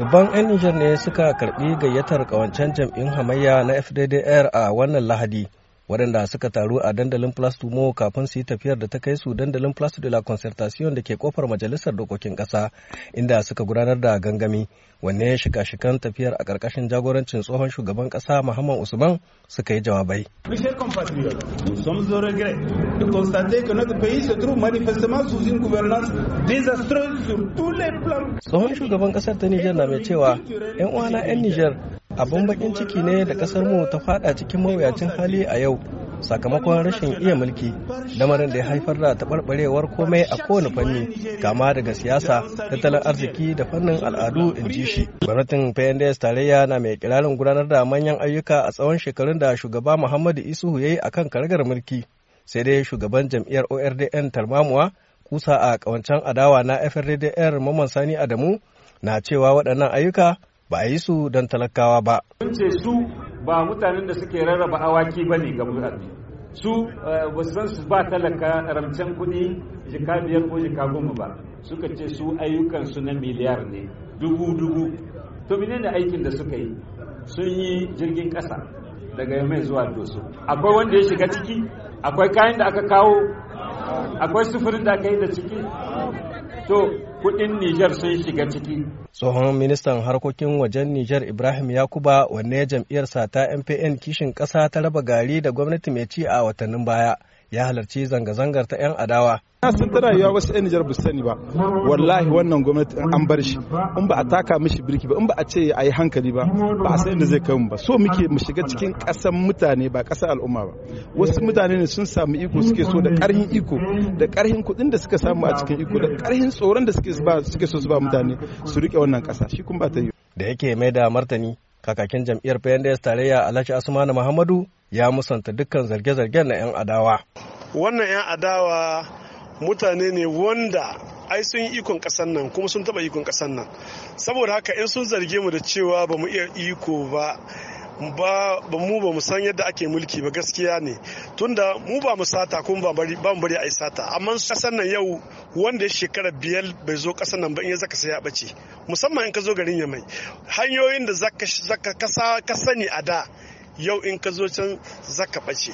Dubban 'yan Nijar ne suka karbi gayyatar kawancen jam'in hamayya na FDDR a wannan Lahadi. waɗanda suka taru a dandalin Place Tumo kafin su yi tafiyar da ta kai su dandalin Place de la Concertation da ke kofar Majalisar Dokokin Ƙasa inda suka gudanar da gangami wanne shika-shikan tafiyar a ƙarƙashin jagorancin tsohon shugaban ƙasa Muhammad Usman suka yi jawabai. Tsohon shugaban ƙasar ta Nijar na mai cewa 'yan uwana 'yan Nijar abin bakin ciki ne da kasar mu ta fada cikin mawuyacin hali a yau sakamakon rashin iya mulki lamarin da ya haifar da taɓarɓarewar komai a kowane fanni kama daga siyasa tattalin arziki da fannin al'adu in ji shi gwamnatin pnds tarayya na mai kirarin gudanar da manyan ayyuka a tsawon shekarun da shugaba muhammadu isuhu ya yi a kan karagar mulki sai dai shugaban jam'iyyar ordn tarmamuwa kusa a kawancen adawa na frdr mamman sani adamu na cewa waɗannan ayyuka ba a yi su don talakawa ba. Sun ce su ba mutanen da suke rarraba awaki ba ne ga mutane. Su eh, ba san su ba talaka ramcen kuɗi jika biyar ko jika goma ba. Suka ce su ayyukansu na miliyar ne dubu dubu. To menene aikin da suka yi? Sun yi jirgin ƙasa daga mai zuwa doso. Akwai wanda ya shiga ciki? Akwai kayan da aka kawo? Akwai sufurin da aka yi da ciki? to kudin Nijar sun shiga ciki. Tsohon ministan harkokin wajen Nijar Ibrahim Yakuba wanne jam'iyyarsa ta MPN kishin ƙasa ta raba gari da gwamnati mai ci a watannin baya ya halarci zanga-zangar ta 'yan adawa. Na sun tana yiwa wasu 'yan Nijar sani ba, wallahi wannan gwamnati an bar shi, in ba a taka mishi birki ba, in ba a ce a yi hankali ba, ba a san inda zai kai ba. So muke mu shiga cikin ƙasan mutane ba ƙasar al'umma ba. Wasu mutane ne sun samu iko suke so da ƙarhin iko, da ƙarhin kuɗin da suka samu a cikin iko, da ƙarhin tsoron da suke so su ba mutane su riƙe wannan ƙasa, shi kun ba ta yi. Da yake mai da martani, kakakin jam'iyyar PNDS tarayya Alhaji Asmanu Muhammadu ya musanta dukkan zarge-zargen na 'yan adawa. wannan 'yan adawa mutane ne wanda ai sun yi ikon kasan nan kuma sun taba ikon kasan nan saboda haka in sun zarge mu da cewa ba mu iya iko ba ba mu ba mu san yadda ake mulki ba gaskiya ne tunda mu ba mu sata kuma ba bari ba mu bari ai sata amma kasan nan yau wanda ya shekara biyar bai zo kasan nan ba in ya zaka sai ya bace musamman in ka zo garin Yamai hanyoyin da zaka zaka kasa ka sani a da yau in ka zo can zaka bace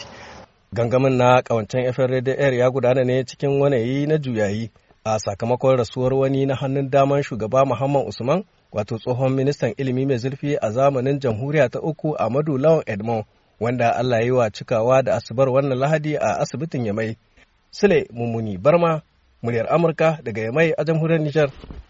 Gangamin na kawancen FM ya gudana ne cikin wani na juyayi a sakamakon rasuwar wani na hannun daman shugaba Muhammad Usman wato tsohon ministan ilimi mai zurfi a zamanin jamhuriya ta uku Amadu Lawan Edmond wanda Allah ya yi wa cikawa da asubar wannan lahadi a asibitin Yamai. Sule Mummuni Barma, muryar Amurka daga Yamai a jamhuriyar Nijar.